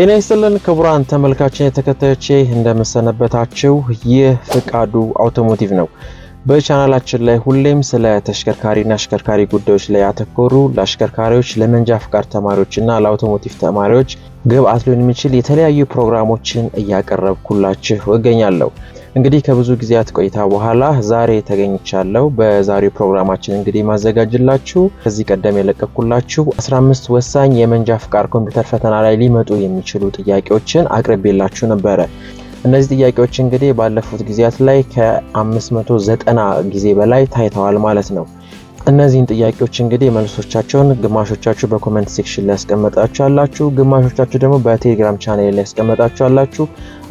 ጤና ይስጥልን ክቡራን ተመልካችን የተከታዮቼ እንደምሰነበታችሁ። ይህ ፍቃዱ አውቶሞቲቭ ነው። በቻናላችን ላይ ሁሌም ስለ ተሽከርካሪና አሽከርካሪ ጉዳዮች ላይ ያተኮሩ ለአሽከርካሪዎች፣ ለመንጃ ፍቃድ ተማሪዎችና ለአውቶሞቲቭ ተማሪዎች ግብአት ሊሆን የሚችል የተለያዩ ፕሮግራሞችን እያቀረብኩላችሁ እገኛለሁ። እንግዲህ ከብዙ ጊዜያት ቆይታ በኋላ ዛሬ ተገኝቻለሁ። በዛሬው ፕሮግራማችን እንግዲህ ማዘጋጅላችሁ ከዚህ ቀደም የለቀኩላችሁ 15 ወሳኝ የመንጃ ፍቃድ ኮምፒውተር ፈተና ላይ ሊመጡ የሚችሉ ጥያቄዎችን አቅርቤላችሁ ነበረ። እነዚህ ጥያቄዎች እንግዲህ ባለፉት ጊዜያት ላይ ከ590 ጊዜ በላይ ታይተዋል ማለት ነው። እነዚህን ጥያቄዎች እንግዲህ መልሶቻቸውን ግማሾቻችሁ በኮመንት ሴክሽን ላይ ያስቀመጣችሁ አላችሁ፣ ግማሾቻችሁ ደግሞ በቴሌግራም ቻናል ላይ ያስቀመጣችሁ አላችሁ።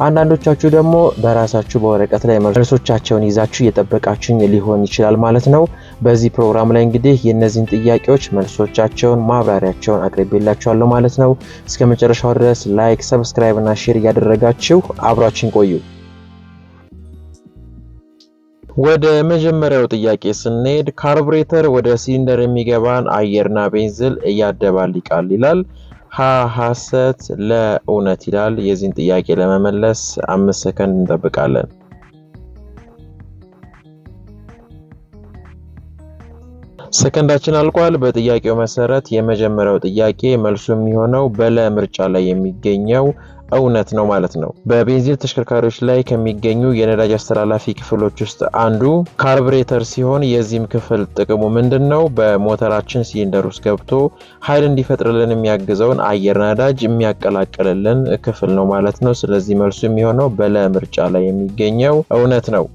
አንዳንዶቻችሁ ደግሞ በራሳችሁ በወረቀት ላይ መልሶቻቸውን ይዛችሁ እየጠበቃችሁኝ ሊሆን ይችላል ማለት ነው። በዚህ ፕሮግራም ላይ እንግዲህ የእነዚህን ጥያቄዎች መልሶቻቸውን፣ ማብራሪያቸውን አቅርቤላችኋለሁ ማለት ነው። እስከ መጨረሻው ድረስ ላይክ፣ ሰብስክራይብ እና ሼር እያደረጋችሁ አብራችን ቆዩ። ወደ መጀመሪያው ጥያቄ ስንሄድ ካርቡሬተር ወደ ሲሊንደር የሚገባን አየርና ቤንዝል እያደባልቃል ይላል። ሀ ሀሰት፣ ለእውነት ይላል። የዚህን ጥያቄ ለመመለስ አምስት ሰከንድ እንጠብቃለን። ሰከንዳችን አልቋል። በጥያቄው መሰረት የመጀመሪያው ጥያቄ መልሱ የሚሆነው በለ ምርጫ ላይ የሚገኘው እውነት ነው ማለት ነው። በቤንዚን ተሽከርካሪዎች ላይ ከሚገኙ የነዳጅ አስተላላፊ ክፍሎች ውስጥ አንዱ ካርብሬተር ሲሆን የዚህም ክፍል ጥቅሙ ምንድን ነው? በሞተራችን ሲሊንደር ውስጥ ገብቶ ኃይል እንዲፈጥርልን የሚያግዘውን አየር ነዳጅ የሚያቀላቅልልን ክፍል ነው ማለት ነው። ስለዚህ መልሱ የሚሆነው በለ ምርጫ ላይ የሚገኘው እውነት ነው።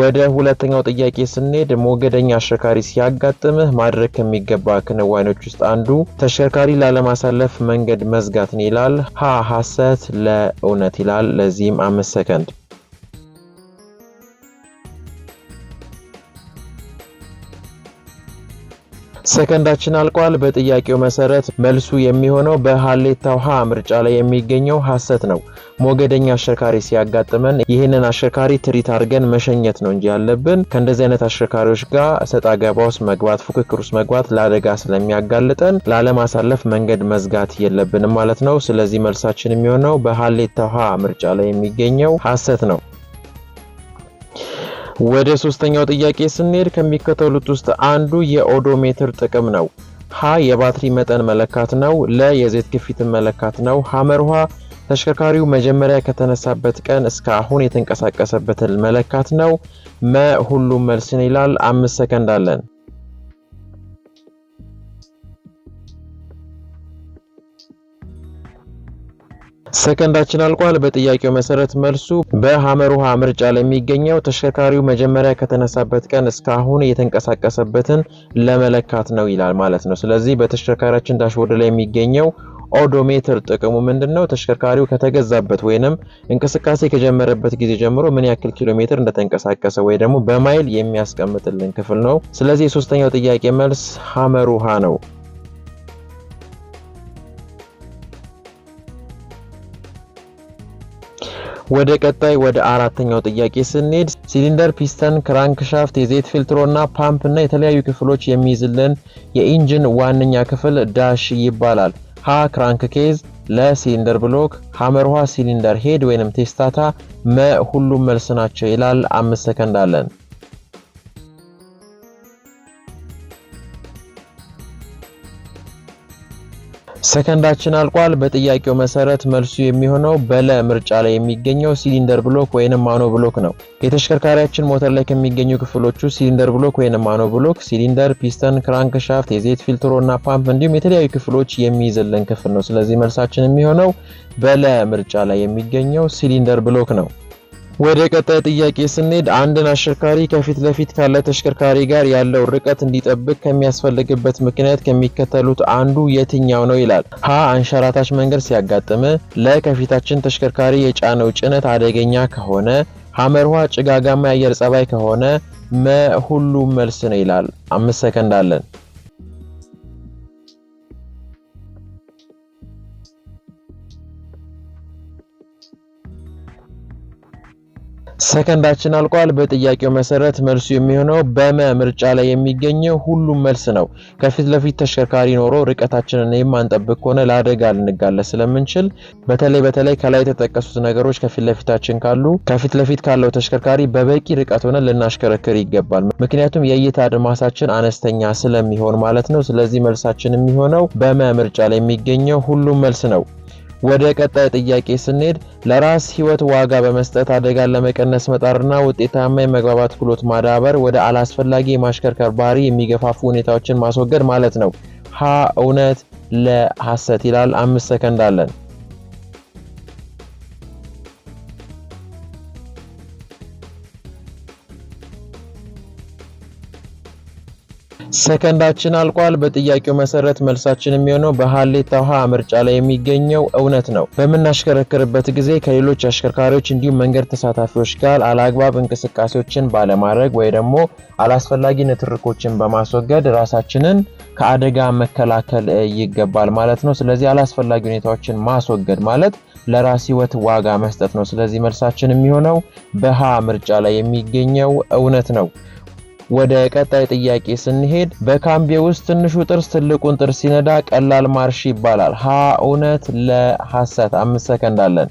ወደ ሁለተኛው ጥያቄ ስንሄድ ሞገደኛ አሽከርካሪ ሲያጋጥምህ ማድረግ ከሚገባ ክንዋኔዎች ውስጥ አንዱ ተሽከርካሪ ላለማሳለፍ መንገድ መዝጋት ይላል። ሀ ሀሰት፣ ለእውነት ይላል። ለዚህም አምስት ሰከንድ ሰከንዳችን አልቋል። በጥያቄው መሰረት መልሱ የሚሆነው በሀሌታው ሀ ምርጫ ላይ የሚገኘው ሀሰት ነው። ሞገደኛ አሽከርካሪ ሲያጋጥመን ይህንን አሽከርካሪ ትሪት አድርገን መሸኘት ነው እንጂ ያለብን ከእንደዚህ አይነት አሽከርካሪዎች ጋር ሰጣ ገባ ውስጥ መግባት፣ ፉክክር ውስጥ መግባት ለአደጋ ስለሚያጋልጠን ላለማሳለፍ መንገድ መዝጋት የለብንም ማለት ነው። ስለዚህ መልሳችን የሚሆነው በሀሌታው ሀ ምርጫ ላይ የሚገኘው ሀሰት ነው። ወደ ሶስተኛው ጥያቄ ስንሄድ ከሚከተሉት ውስጥ አንዱ የኦዶሜትር ጥቅም ነው። ሀ የባትሪ መጠን መለካት ነው። ለ የዘይት ግፊትን መለካት ነው። ሐመርሃ ተሽከርካሪው መጀመሪያ ከተነሳበት ቀን እስከ አሁን የተንቀሳቀሰበትን መለካት ነው። መ ሁሉም መልስን ይላል። አምስት ሰከንድ አለን። ሰከንዳችን አልቋል። በጥያቄው መሰረት መልሱ በሐመር ውሃ ምርጫ ላይ የሚገኘው ተሽከርካሪው መጀመሪያ ከተነሳበት ቀን እስካሁን የተንቀሳቀሰበትን ለመለካት ነው ይላል ማለት ነው። ስለዚህ በተሽከርካሪያችን ዳሽቦርድ ላይ የሚገኘው ኦዶሜትር ጥቅሙ ምንድን ነው? ተሽከርካሪው ከተገዛበት ወይንም እንቅስቃሴ ከጀመረበት ጊዜ ጀምሮ ምን ያክል ኪሎ ሜትር እንደተንቀሳቀሰ ወይ ደግሞ በማይል የሚያስቀምጥልን ክፍል ነው። ስለዚህ የሶስተኛው ጥያቄ መልስ ሐመር ውሃ ነው። ወደ ቀጣይ ወደ አራተኛው ጥያቄ ስንሄድ ሲሊንደር፣ ፒስተን፣ ክራንክሻፍት፣ የዘይት ፊልትሮና ፓምፕ እና የተለያዩ ክፍሎች የሚይዝልን የኢንጂን ዋነኛ ክፍል ዳሽ ይባላል። ሀ ክራንክ ኬዝ፣ ለ ሲሊንደር ብሎክ፣ ሐመር ውሃ ሲሊንደር ሄድ ወይንም ቴስታታ፣ መ ሁሉም መልስ ናቸው ይላል። አምስት ሰከንድ አለን። ሰከንዳችን አልቋል። በጥያቄው መሰረት መልሱ የሚሆነው በለ ምርጫ ላይ የሚገኘው ሲሊንደር ብሎክ ወይንም ማኖ ብሎክ ነው። የተሽከርካሪያችን ሞተር ላይ ከሚገኙ ክፍሎቹ ሲሊንደር ብሎክ ወይንም ማኖ ብሎክ ሲሊንደር፣ ፒስተን፣ ሻፍት፣ የዘይት ፊልትሮ እና ፓምፕ እንዲሁም የተለያዩ ክፍሎች የሚይዝልን ክፍል ነው። ስለዚህ መልሳችን የሚሆነው በለ ምርጫ ላይ የሚገኘው ሲሊንደር ብሎክ ነው። ወደ ቀጣይ ጥያቄ ስንሄድ አንድን አሽከርካሪ ከፊት ለፊት ካለ ተሽከርካሪ ጋር ያለው ርቀት እንዲጠብቅ ከሚያስፈልግበት ምክንያት ከሚከተሉት አንዱ የትኛው ነው ይላል። ሀ አንሸራታች መንገድ ሲያጋጥም፣ ለ ከፊታችን ተሽከርካሪ የጫነው ጭነት አደገኛ ከሆነ፣ ሀመርዋ ጭጋጋማ የአየር ጸባይ ከሆነ፣ መ ሁሉም መልስ ነው ይላል። አምስት ሰከንድ አለን። ሰከንዳችን አልቋል። በጥያቄው መሰረት መልሱ የሚሆነው በመ ምርጫ ላይ የሚገኘው ሁሉም መልስ ነው። ከፊት ለፊት ተሽከርካሪ ኖሮ ርቀታችንን የማንጠብቅ ከሆነ ለአደጋ ልንጋለጥ ስለምንችል በተለይ በተለይ ከላይ የተጠቀሱት ነገሮች ከፊት ለፊታችን ካሉ ከፊት ለፊት ካለው ተሽከርካሪ በበቂ ርቀት ሆነ ልናሽከረክር ይገባል። ምክንያቱም የእይታ አድማሳችን አነስተኛ ስለሚሆን ማለት ነው። ስለዚህ መልሳችን የሚሆነው በመ ምርጫ ላይ የሚገኘው ሁሉም መልስ ነው። ወደ ቀጣይ ጥያቄ ስንሄድ ለራስ ህይወት ዋጋ በመስጠት አደጋን ለመቀነስ መጣርና ውጤታማ የመግባባት ክህሎት ማዳበር ወደ አላስፈላጊ የማሽከርከር ባህሪ የሚገፋፉ ሁኔታዎችን ማስወገድ ማለት ነው። ሀ እውነት፣ ለ ይላል። አምስት ሰከንድ አለን። ሰከንዳችን አልቋል። በጥያቄው መሰረት መልሳችን የሚሆነው በሀሌታ ውሃ ምርጫ ላይ የሚገኘው እውነት ነው። በምናሽከረክርበት ጊዜ ከሌሎች አሽከርካሪዎች እንዲሁም መንገድ ተሳታፊዎች ጋር አላግባብ እንቅስቃሴዎችን ባለማድረግ ወይ ደግሞ አላስፈላጊ ንትርኮችን በማስወገድ ራሳችንን ከአደጋ መከላከል ይገባል ማለት ነው። ስለዚህ አላስፈላጊ ሁኔታዎችን ማስወገድ ማለት ለራስ ህይወት ዋጋ መስጠት ነው። ስለዚህ መልሳችን የሚሆነው በሀ ምርጫ ላይ የሚገኘው እውነት ነው። ወደ ቀጣይ ጥያቄ ስንሄድ በካምቤ ውስጥ ትንሹ ጥርስ ትልቁን ጥርስ ሲነዳ ቀላል ማርሽ ይባላል። ሀ እውነት፣ ለሐሰት አምስት ሰከንድ አለን።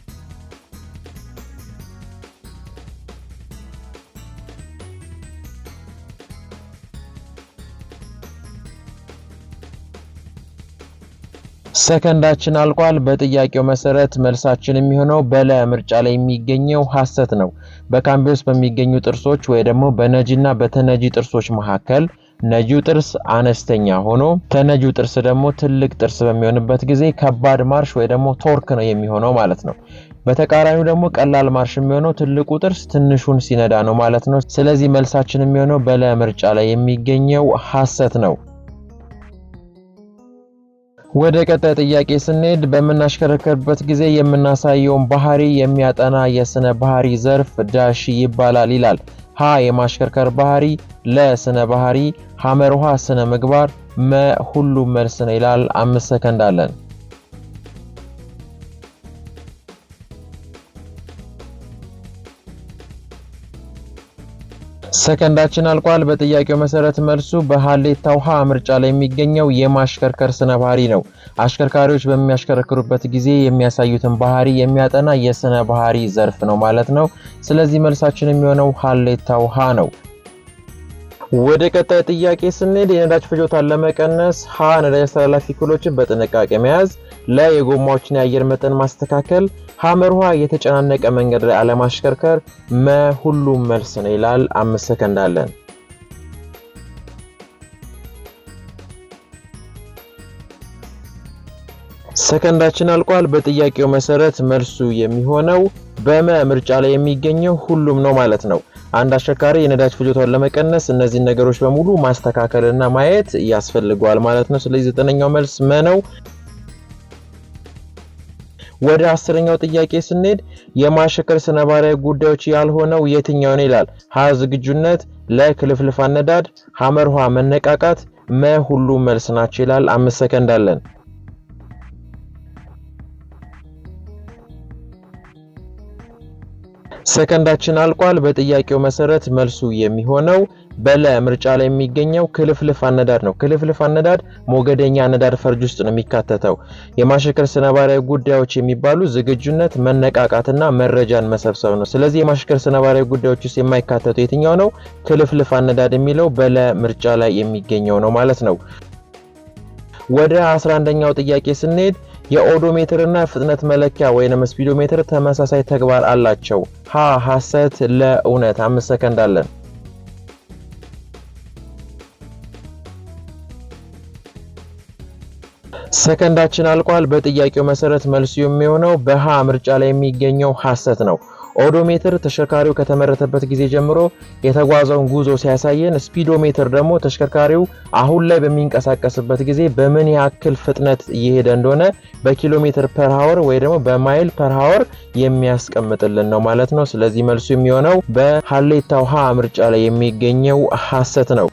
ሰከንዳችን አልቋል። በጥያቄው መሰረት መልሳችን የሚሆነው በለ ምርጫ ላይ የሚገኘው ሐሰት ነው። በካምቢ ውስጥ በሚገኙ ጥርሶች ወይ ደግሞ በነጂና በተነጂ ጥርሶች መካከል ነጂው ጥርስ አነስተኛ ሆኖ ተነጂው ጥርስ ደግሞ ትልቅ ጥርስ በሚሆንበት ጊዜ ከባድ ማርሽ ወይ ደግሞ ቶርክ ነው የሚሆነው ማለት ነው። በተቃራኒው ደግሞ ቀላል ማርሽ የሚሆነው ትልቁ ጥርስ ትንሹን ሲነዳ ነው ማለት ነው። ስለዚህ መልሳችን የሚሆነው በለ ምርጫ ላይ የሚገኘው ሀሰት ነው። ወደ ቀጣይ ጥያቄ ስንሄድ በምናሽከረከርበት ጊዜ የምናሳየውን ባህሪ የሚያጠና የስነ ባህሪ ዘርፍ ዳሽ ይባላል ይላል። ሀ የማሽከርከር ባህሪ፣ ለ ስነ ባህሪ፣ ሐመር ውሃ ስነ ምግባር፣ መ ሁሉም መልስ ነው ይላል። አምስት ሰከንድ አለን። ሰከንዳችን አልቋል። በጥያቄው መሰረት መልሱ በሀሌታ ውሃ ምርጫ ላይ የሚገኘው የማሽከርከር ስነ ባህሪ ነው። አሽከርካሪዎች በሚያሽከረክሩበት ጊዜ የሚያሳዩትን ባህሪ የሚያጠና የስነ ባህሪ ዘርፍ ነው ማለት ነው። ስለዚህ መልሳችን የሚሆነው ሀሌታ ውሃ ነው። ወደ ቀጣይ ጥያቄ ስንሄድ የነዳጅ ፍጆታን ለመቀነስ ሀ ነዳጅ አስተላላፊ ክፍሎችን በጥንቃቄ መያዝ፣ ለ የጎማዎችን የአየር መጠን ማስተካከል፣ ሐመር ውሃ የተጨናነቀ መንገድ ላይ አለማሽከርከር፣ መ ሁሉም መልስ ነው ይላል። አምስት ሰከንድ አለን። ሰከንዳችን አልቋል። በጥያቄው መሰረት መልሱ የሚሆነው በመ ምርጫ ላይ የሚገኘው ሁሉም ነው ማለት ነው። አንድ አሽከርካሪ የነዳጅ ፍጆታን ለመቀነስ እነዚህን ነገሮች በሙሉ ማስተካከልና ማየት ያስፈልገዋል ማለት ነው። ስለዚህ ዘጠነኛው መልስ መ ነው። ወደ አስረኛው ጥያቄ ስንሄድ የማሸከር ስነ ባህሪያዊ ጉዳዮች ያልሆነው የትኛው ነው ይላል። ሀ ዝግጁነት፣ ለ ክልፍልፍ አነዳድ፣ ሐመርሃ መነቃቃት፣ መ ሁሉም መልስ ናቸው ይላል። አምስት ሰከንድ አለን። ሰከንዳችን አልቋል። በጥያቄው መሰረት መልሱ የሚሆነው በለ ምርጫ ላይ የሚገኘው ክልፍልፍ አነዳድ ነው። ክልፍልፍ አነዳድ ሞገደኛ አነዳድ ፈርጅ ውስጥ ነው የሚካተተው። የማሽከር ስነባህሪያዊ ጉዳዮች የሚባሉ ዝግጁነት፣ መነቃቃትና መረጃን መሰብሰብ ነው። ስለዚህ የማሽከር ስነባህሪያዊ ጉዳዮች ውስጥ የማይካተተው የትኛው ነው? ክልፍልፍ አነዳድ የሚለው በለ ምርጫ ላይ የሚገኘው ነው ማለት ነው። ወደ 11ኛው ጥያቄ ስንሄድ የኦዶሜትር እና ፍጥነት መለኪያ ወይንም ስፒዶሜትር ተመሳሳይ ተግባር አላቸው። ሀ ሐሰት፣ ለ እውነት። አምስት ሰከንድ አለን። ሰከንዳችን አልቋል። በጥያቄው መሰረት መልሱ የሚሆነው በሀ ምርጫ ላይ የሚገኘው ሐሰት ነው። ኦዶሜትር ተሽከርካሪው ከተመረተበት ጊዜ ጀምሮ የተጓዘውን ጉዞ ሲያሳየን፣ ስፒዶሜትር ደግሞ ተሽከርካሪው አሁን ላይ በሚንቀሳቀስበት ጊዜ በምን ያክል ፍጥነት እየሄደ እንደሆነ በኪሎ ሜትር ፐር ሀወር ወይ ደግሞ በማይል ፐር ሀወር የሚያስቀምጥልን ነው ማለት ነው። ስለዚህ መልሱ የሚሆነው በሀሌታ ውሃ ምርጫ ላይ የሚገኘው ሀሰት ነው።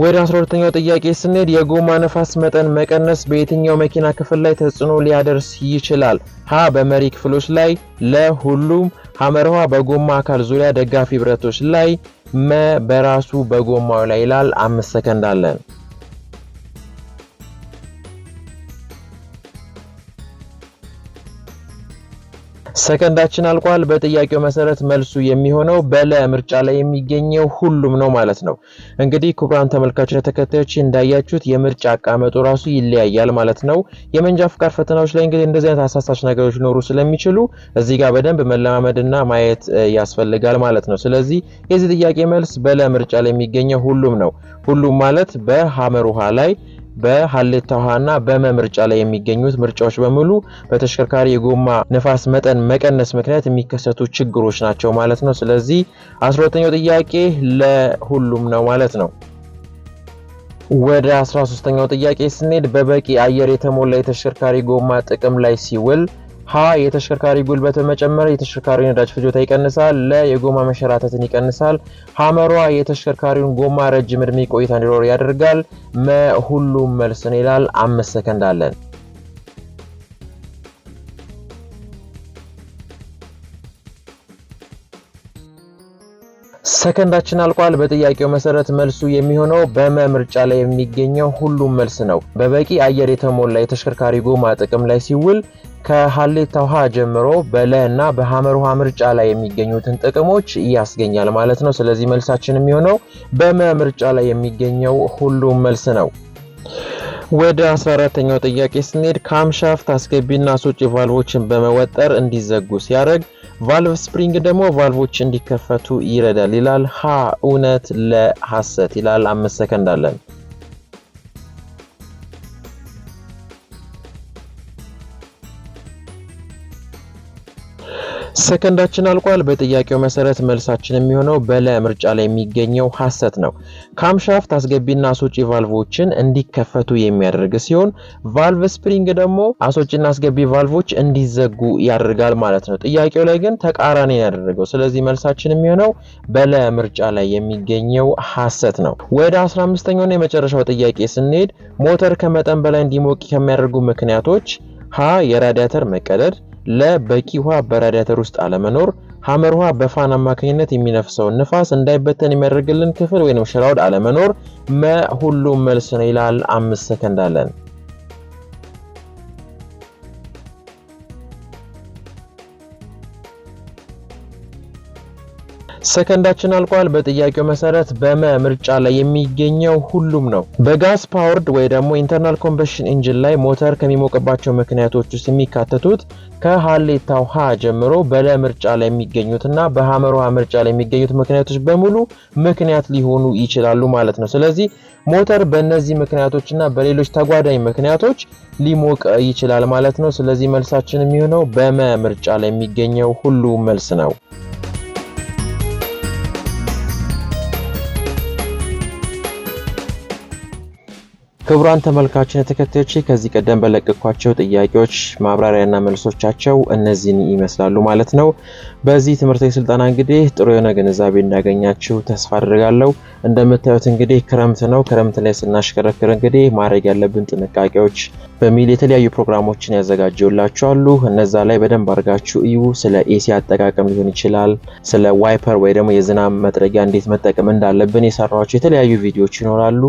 ወደ 12ኛው ጥያቄ ስንሄድ የጎማ ነፋስ መጠን መቀነስ በየትኛው መኪና ክፍል ላይ ተጽዕኖ ሊያደርስ ይችላል? ሀ በመሪ ክፍሎች ላይ፣ ለሁሉም፣ ሐመርሃ በጎማ አካል ዙሪያ ደጋፊ ብረቶች ላይ፣ መ በራሱ በጎማው ላይ ይላል። አምስት ሰከንድ አለን። ሰከንዳችን አልቋል። በጥያቄው መሰረት መልሱ የሚሆነው በለ ምርጫ ላይ የሚገኘው ሁሉም ነው ማለት ነው። እንግዲህ ክቡራን ተመልካቾች ተከታዮች እንዳያችሁት የምርጫ አቃመጡ ራሱ ይለያያል ማለት ነው። የመንጃ ፍቃድ ፈተናዎች ላይ እንግዲህ እንደዚህ አይነት አሳሳች ነገሮች ሊኖሩ ስለሚችሉ እዚህ ጋር በደንብ መለማመድና ማየት ያስፈልጋል ማለት ነው። ስለዚህ የዚህ ጥያቄ መልስ በለ ምርጫ ላይ የሚገኘው ሁሉም ነው። ሁሉም ማለት በሀመር ውሃ ላይ በሀሌታ ውሃና በመምርጫ ላይ የሚገኙት ምርጫዎች በሙሉ በተሽከርካሪ የጎማ ንፋስ መጠን መቀነስ ምክንያት የሚከሰቱ ችግሮች ናቸው ማለት ነው። ስለዚህ አስራ ሁለተኛው ጥያቄ ለሁሉም ነው ማለት ነው። ወደ አስራ ሶስተኛው ጥያቄ ስንሄድ በበቂ አየር የተሞላ የተሽከርካሪ ጎማ ጥቅም ላይ ሲውል ሀ የተሽከርካሪ ጉልበትን መጨመር የተሽከርካሪ ነዳጅ ፍጆታ ይቀንሳል። ለ የጎማ መሸራተትን ይቀንሳል። ሀመሯ የተሽከርካሪውን ጎማ ረጅም እድሜ ቆይታ እንዲኖር ያደርጋል። መ ሁሉም መልስ ነው ይላል። አምስት ሰከንድ አለን። ሰከንዳችን አልቋል። በጥያቄው መሰረት መልሱ የሚሆነው በመ ምርጫ ላይ የሚገኘው ሁሉም መልስ ነው። በበቂ አየር የተሞላ የተሽከርካሪ ጎማ ጥቅም ላይ ሲውል ከሀሌታ ውሃ ጀምሮ በለ እና በሐመር ውሃ ምርጫ ላይ የሚገኙትን ጥቅሞች ያስገኛል ማለት ነው። ስለዚህ መልሳችን የሚሆነው በመ ምርጫ ላይ የሚገኘው ሁሉም መልስ ነው። ወደ 14ተኛው ጥያቄ ስንሄድ ካምሻፍት አስገቢና አስወጪ ቫልቮችን በመወጠር እንዲዘጉ ሲያደርግ ቫልቭ ስፕሪንግ ደግሞ ቫልቮች እንዲከፈቱ ይረዳል ይላል። ሀ እውነት፣ ለሐሰት ይላል። አምስት ሰከንድ አለን። ሰከንዳችን አልቋል። በጥያቄው መሰረት መልሳችን የሚሆነው በለ ምርጫ ላይ የሚገኘው ሀሰት ነው። ካምሻፍት አስገቢና አስወጪ ቫልቮችን እንዲከፈቱ የሚያደርግ ሲሆን ቫልቭ ስፕሪንግ ደግሞ አስወጪና አስገቢ ቫልቮች እንዲዘጉ ያደርጋል ማለት ነው። ጥያቄው ላይ ግን ተቃራኒ ያደረገው። ስለዚህ መልሳችን የሚሆነው በለ ምርጫ ላይ የሚገኘው ሀሰት ነው። ወደ 15ኛውና የመጨረሻው ጥያቄ ስንሄድ ሞተር ከመጠን በላይ እንዲሞቅ ከሚያደርጉ ምክንያቶች ሀ የራዲያተር መቀደድ ለበቂ ውሃ በራዲያተር ውስጥ አለመኖር፣ ሐመር ውሃ በፋን አማካኝነት የሚነፍሰውን ንፋስ እንዳይበተን የሚያደርግልን ክፍል ወይም ሽራውድ አለመኖር መ ሁሉም መልስ ነው ይላል። አምስት ሰከንድ አለን። ሰከንዳችን አልቋል። በጥያቄው መሰረት በመ ምርጫ ላይ የሚገኘው ሁሉም ነው። በጋስ ፓወርድ ወይ ደግሞ ኢንተርናል ኮምበሽን ኢንጂን ላይ ሞተር ከሚሞቅባቸው ምክንያቶች ውስጥ የሚካተቱት ከሀሌታው ሀ ጀምሮ በለ ምርጫ ላይ የሚገኙትና በሀመር ውሃ ምርጫ ላይ የሚገኙት ምክንያቶች በሙሉ ምክንያት ሊሆኑ ይችላሉ ማለት ነው። ስለዚህ ሞተር በእነዚህ ምክንያቶችና በሌሎች ተጓዳኝ ምክንያቶች ሊሞቅ ይችላል ማለት ነው። ስለዚህ መልሳችን የሚሆነው በመ ምርጫ ላይ የሚገኘው ሁሉ መልስ ነው። ክቡራን ተመልካችን ተከታዮች ከዚህ ቀደም በለቀኳቸው ጥያቄዎች ማብራሪያና መልሶቻቸው እነዚህን ይመስላሉ ማለት ነው። በዚህ ትምህርታዊ ስልጠና እንግዲህ ጥሩ የሆነ ግንዛቤ እንዳገኛችሁ ተስፋ አድርጋለሁ። እንደምታዩት እንግዲህ ክረምት ነው። ክረምት ላይ ስናሽከረክር እንግዲህ ማድረግ ያለብን ጥንቃቄዎች በሚል የተለያዩ ፕሮግራሞችን ያዘጋጀውላችኋሉ። እነዛ ላይ በደንብ አድርጋችሁ እዩ። ስለ ኤሲ አጠቃቀም ሊሆን ይችላል፣ ስለ ዋይፐር ወይ ደግሞ የዝናብ መጥረጊያ እንዴት መጠቀም እንዳለብን የሰራቸው የተለያዩ ቪዲዮዎች ይኖራሉ።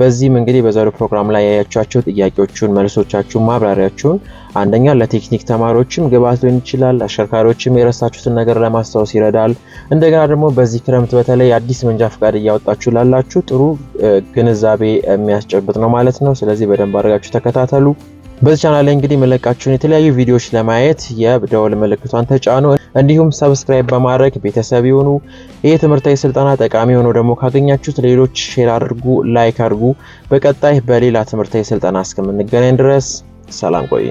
በዚህም እንግዲህ በዛሬው ፕሮግራም ላይ ያያቸኋቸው ጥያቄዎቹን፣ መልሶቻችሁን፣ ማብራሪያችሁን አንደኛ ለቴክኒክ ተማሪዎችም ግብዓት ሊሆን ይችላል። አሽከርካሪዎችም የረሳችሁትን ነገር ለማስታወስ ይረዳል። እንደገና ደግሞ በዚህ ክረምት በተለይ አዲስ መንጃ ፈቃድ እያወጣ እየጠበቃችሁ ላላችሁ ጥሩ ግንዛቤ የሚያስጨብጥ ነው ማለት ነው። ስለዚህ በደንብ አድርጋችሁ ተከታተሉ። በዚህ ቻናል ላይ እንግዲህ የምለቃችሁን የተለያዩ ቪዲዮዎች ለማየት የደወል ምልክቷን ተጫኑ። እንዲሁም ሰብስክራይብ በማድረግ ቤተሰብ ይሁኑ። ይህ ትምህርታዊ ስልጠና ጠቃሚ ሆኖ ደግሞ ካገኛችሁት ሌሎች ሼር አድርጉ፣ ላይክ አድርጉ። በቀጣይ በሌላ ትምህርታዊ ስልጠና እስከምንገናኝ ድረስ ሰላም ቆይ